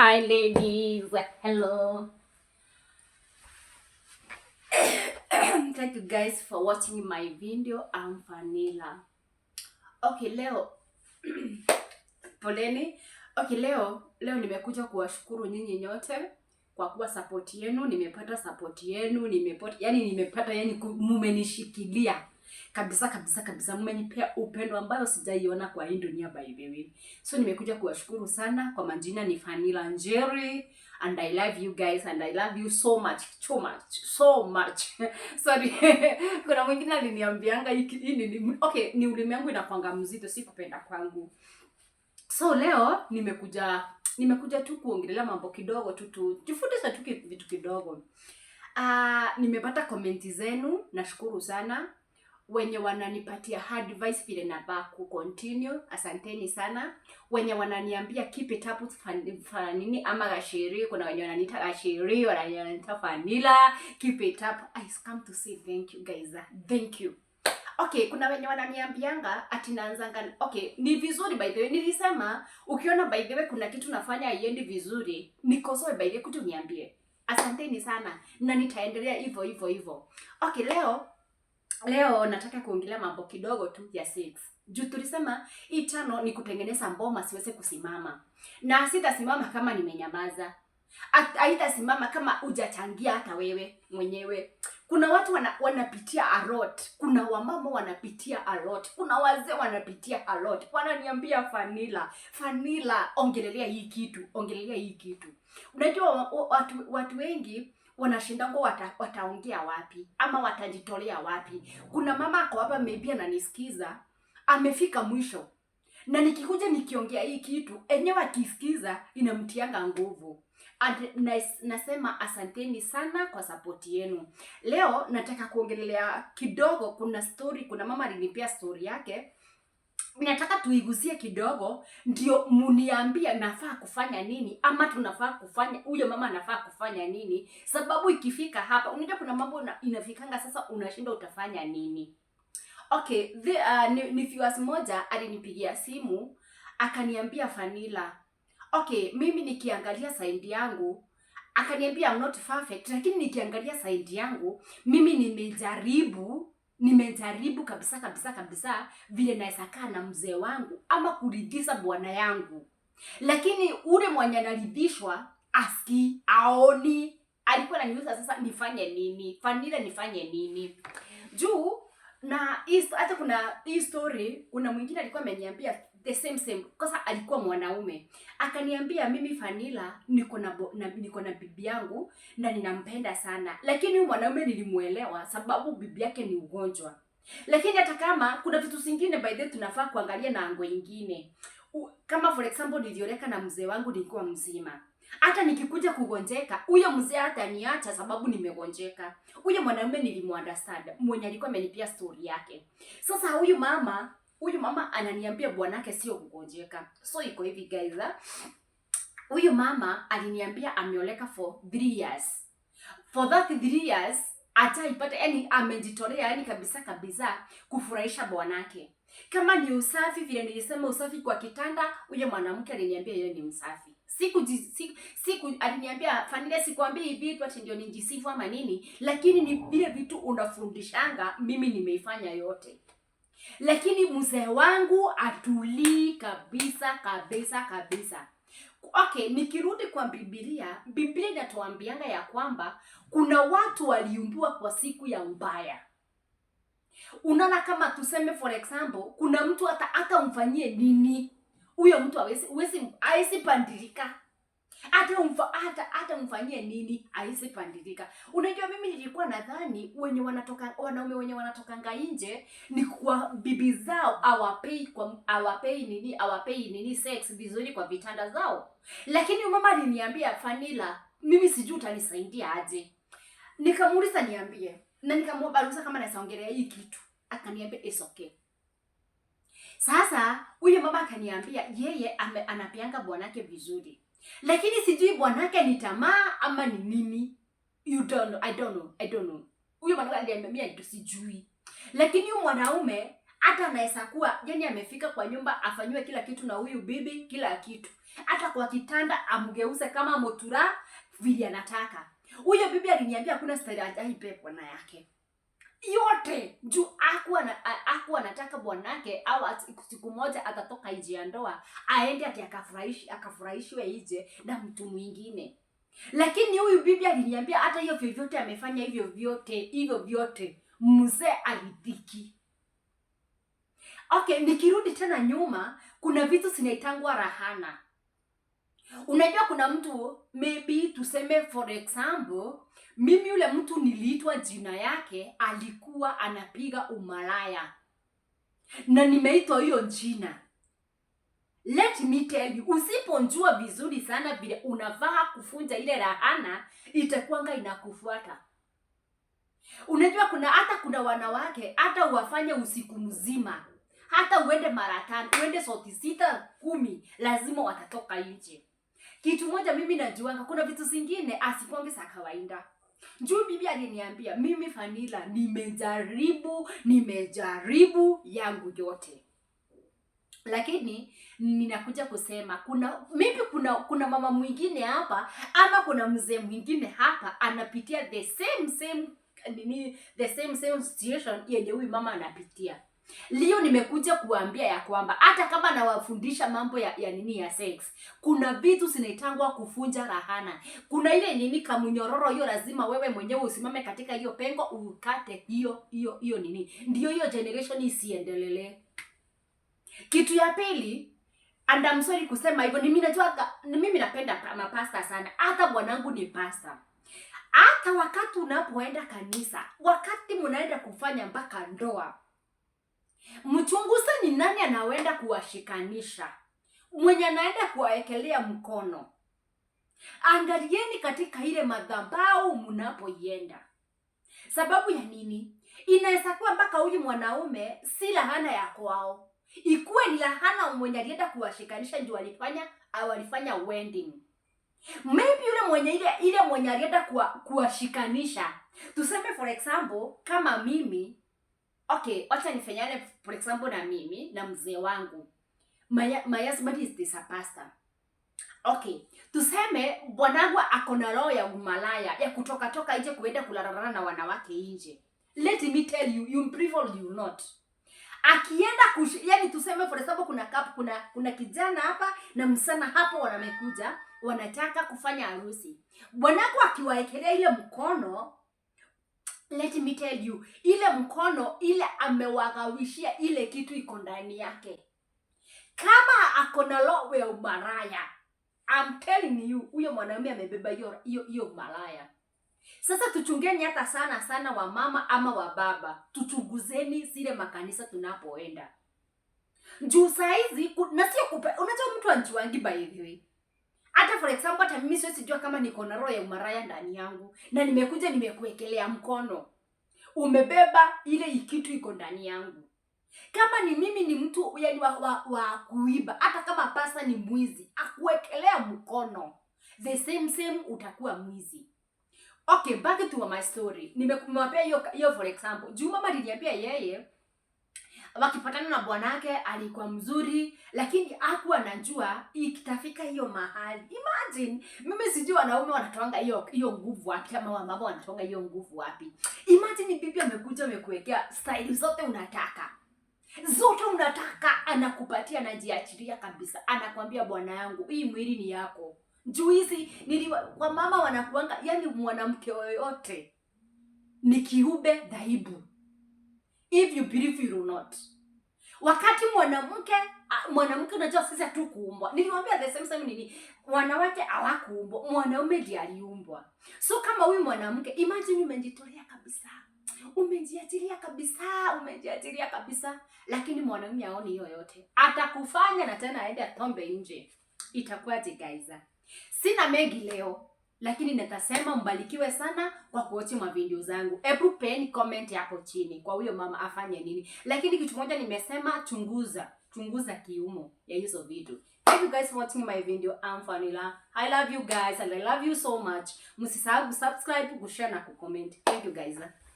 Hi ladies, hello. Thank you guys for watching my video. I'm Vanilla. Okay, leo poleni. Okay, leo leo nimekuja kuwashukuru nyinyi nyote kwa kuwa support yenu, nimepata support yenu, nimepata yani nimepata yani mumenishikilia kabisa kabisa kabisa. Mmenipea upendo ambayo sijaiona kwa hii dunia by the way. So nimekuja kuwashukuru sana kwa majina, ni Fanila Njeri and I love you guys and I love you so much so much so much sorry. kuna mwingine aliniambianga hii ni okay, ni ulimwengu inakwanga mzito, si kupenda kwangu. So leo nimekuja nimekuja tu kuongelea mambo kidogo tu tu jifundisha tu vitu kidogo. Uh, nimepata komenti zenu, nashukuru sana wenye wananipatia advice vile navaa ku continue, asanteni sana. Wenye wananiambia keep it up nini ama gashiri, kuna wenye wananiita gashiri, wenye wananiita vanilla, keep it up. I come to say thank you guys, thank you. Okay, kuna wenye wananiambianga ati naanzanga. Okay, ni vizuri by the way, nilisema ukiona by the way kuna kitu nafanya haiendi vizuri, nikosoe by the way, kutuniambie. Asanteni sana na nitaendelea hivyo hivyo hivyo. Okay, leo Leo nataka kuongelea mambo kidogo tu ya sex. Juu tulisema hii tano ni kutengeneza mboma siweze kusimama, na sitasimama kama nimenyamaza, haitasimama kama hujachangia hata wewe mwenyewe. Kuna watu wana, wanapitia a lot. Kuna wamama wanapitia a lot. Kuna wazee wanapitia a lot. Wananiambia fanila fanila ongelelea hii kitu, ongelelea hii kitu. Unajua watu, watu wengi wanashindangwa wata, wataongea wapi ama watajitolea wapi. Kuna mama ako hapa maybe ananisikiza amefika mwisho, na nikikuja nikiongea hii kitu enyewe akisikiza inamtianga nguvu. And nasema asanteni sana kwa sapoti yenu. Leo nataka kuongelelea kidogo, kuna story, kuna mama alinipea story yake nataka tuigusie kidogo, ndio muniambia nafaa kufanya nini, ama tunafaa kufanya huyo mama anafaa kufanya nini, sababu ikifika hapa, unajua kuna mambo inafikanga sasa, unashinda utafanya nini. Okay, the, uh, ni, ni viewers moja alinipigia simu akaniambia fanila okay, mimi nikiangalia saindi yangu akaniambia I'm not perfect, lakini nikiangalia saindi yangu mimi nimejaribu nimejaribu kabisa kabisa kabisa vile naweza kaa na mzee wangu ama kuridhisa bwana yangu, lakini ule mwenye anaridhishwa aski aoni, alikuwa naniuza sasa nifanye nini, fanile nifanye nini juu na hata kuna hii story, kuna mwingine alikuwa ameniambia the same same, kosa alikuwa mwanaume akaniambia, mimi fanila niko na, na niko na bibi yangu na ninampenda sana, lakini huyu mwanaume nilimuelewa sababu bibi yake ni ugonjwa. Lakini hata kama kuna vitu zingine by the tunafaa kuangalia na ngo ingine, kama for example nilioleka na mzee wangu nilikuwa mzima hata nikikuja kugonjeka huyo mzee hata niacha sababu nimegonjeka. Huyo mwanaume nilimuunderstand mwenye alikuwa amenipia story yake. Sasa huyu mama huyu mama ananiambia bwanake sio kugonjeka. So iko hivi guys, eh? huyu mama aliniambia ameoleka for 3 years, for that 3 years ipate yani amejitolea, yani kabisa kabisa kufurahisha bwanake. Kama ni usafi, vile nilisema usafi kwa kitanda, huyo mwanamke aliniambia yeye ni msafi. Siku siku, siku aliniambia Fanile, sikwambia hivi vitu ati ndio ninjisifu ama nini, lakini ni vile vitu unafundishanga, mimi nimeifanya yote lakini mzee wangu atulii kabisa kabisa kabisa. Okay, nikirudi kwa Biblia, Biblia inatuambianga ya kwamba kuna watu waliumbiwa kwa siku ya ubaya. Unaona, kama tuseme for example, kuna mtu hata hata umfanyie nini, huyo mtu hawezi hawezi pandirika hata umfa, hata hata mfanyie nini aisipandilika. Unajua, mimi nilikuwa nadhani wenye wanatoka wanaume wenye wanatokanga nje ni kwa bibi zao awapei kwa awapei nini awapei nini sex vizuri kwa vitanda zao, lakini mama aliniambia Fanila, mimi sijui utanisaidia aje. Nikamuuliza niambie, na nikamwambia kama nasaongelea hii kitu, akaniambia it's okay. Sasa huyo mama akaniambia yeye anapianga anapeanga bwanake vizuri lakini sijui bwanake ni tamaa ama ni nini, you don't know, I don't know, I don't know. Huyo mwanamke aliniambia ndio sijui, lakini huyo mwanaume hata anaweza kuwa yani amefika kwa nyumba afanywe kila kitu na huyu bibi, kila kitu, hata kwa kitanda amgeuze kama motura vile anataka. Huyo bibi aliniambia hakuna stari pepo na yake yote juu aku anataka bwanake au siku moja atatoka nje ya ndoa aende ati akafurahishwe ije na mtu mwingine. Lakini huyu bibi aliniambia hata hiyo vyovyote amefanya hivyo vyote hivyo vyote mzee aridhiki. Okay, nikirudi tena nyuma, kuna vitu zinaitangwa rahana. Unajua kuna mtu maybe tuseme for example mimi yule mtu niliitwa jina yake, alikuwa anapiga umalaya na nimeitwa hiyo jina. Let me tell you, usiponjua vizuri sana vile unavaa kufunja ile laana, itakuanga inakufuata. Unajua kuna hata kuna wanawake hata uwafanye usiku mzima, hata uende mara tano, uende soti sita kumi, lazima watatoka nje. Kitu moja mimi najuanga, kuna vitu zingine asikwambi za kawaida. Juu bibi aliniambia mimi, fanila nimejaribu nimejaribu yangu yote, lakini ninakuja kusema kuna maybe kuna kuna mama mwingine hapa ama kuna mzee mwingine hapa anapitia the same same nini, the same same situation yenye huyu mama anapitia. Leo nimekuja kuambia ya kwamba hata kama nawafundisha mambo ya, ya nini ya sex, kuna vitu zinaitangwa kufunja rahana. Kuna ile nini kamunyororo hiyo, lazima wewe mwenyewe usimame katika hiyo pengo ukate hiyo hiyo hiyo nini, ndio hiyo generation isiendelele. Kitu ya pili and I'm sorry kusema hivyo, ni mimi najua, mimi napenda mapasta sana, hata bwanangu ni pasta hata wakati unapoenda kanisa, wakati mnaenda kufanya mpaka ndoa mchunguze ni nani anaenda kuwashikanisha, mwenye anaenda kuwaekelea mkono. Angalieni katika ile madhabahu mnapoienda, sababu ya nini? Inaweza kuwa mpaka huyu mwanaume si lahana ya kwao, ikuwe ni lahana mwenye alienda kuwashikanisha ndio alifanya au alifanya wedding maybe yule mwenye ile ile mwenye alienda kuwashikanisha tuseme, for example kama mimi okay, wacha nifanyane for example na mimi na mzee wangu. My, my husband is this a pastor. Okay, tuseme bwanangu ako na roho ya umalaya ya kutoka toka nje kuenda kulararana na wanawake nje. Let me tell you, you improve you not. Akienda kush, yani tuseme for example kuna cup kuna kuna kijana hapa na msana hapo wanamekuja wanataka kufanya harusi. Bwanangu akiwaekelea ile mkono let me tell you, ile mkono ile amewagawishia ile kitu iko ndani yake, kama ako na roho ya umalaya, I'm telling you, huyo mwanaume amebeba hiyo hiyo Sasa tuchungeni hata sana sana, wa mama ama wa baba, tuchunguzeni zile makanisa tunapoenda juu saizi na sio kupe. Unajua mtu anjuangi by the way hata for example, hata mimi siwezi jua kama niko na roho ya umaraya ndani yangu, na nimekuja nimekuwekelea mkono, umebeba ile kitu iko ndani yangu. Kama ni mimi ni mtu yani wa, wa, wa kuiba, hata kama pasa ni mwizi akuwekelea mkono, the same same utakuwa mwizi. Okay, back to my story. Nimekuwapea hiyo for example juu mama aliniambia yeye wakipatana na bwanake alikuwa mzuri, lakini aku anajua ikitafika hiyo mahali. Imagine mimi sijui wanaume wanatoanga hiyo hiyo nguvu wapi, ama wamama wanatoanga hiyo nguvu wapi? Imagine bibi amekuja amekuwekea style zote unataka zote unataka, anakupatia, anajiachiria kabisa, anakwambia bwana yangu, hii mwili ni yako. Juu hizi mama wanakuanga, yani mwanamke yoyote ni kiube dhaibu if you believe you do not. Wakati mwanamke mwanamke, unajua sisi hatukuumbwa, niliwaambia the same same nini, wanawake hawakuumbwa, mwanaume ndiye aliumbwa. So kama huyu mwanamke, imagine umejitolea kabisa, umejiachilia kabisa, umejiachilia kabisa, lakini mwanaume aoni hiyo yote, atakufanya na tena aende atombe nje. itakuwa jigaiza Sina megi leo lakini nitasema mbalikiwe sana kwa kuochi video zangu. Hebu peni comment hapo chini kwa huyo mama afanye nini. Lakini kitu moja nimesema, chunguza chunguza kiumo ya hizo video. Thank you guys for watching my video. I'm Fanila. I love you guys and I love you so much. Msisahau subscribe, kushare na kucomment. Thank you guys.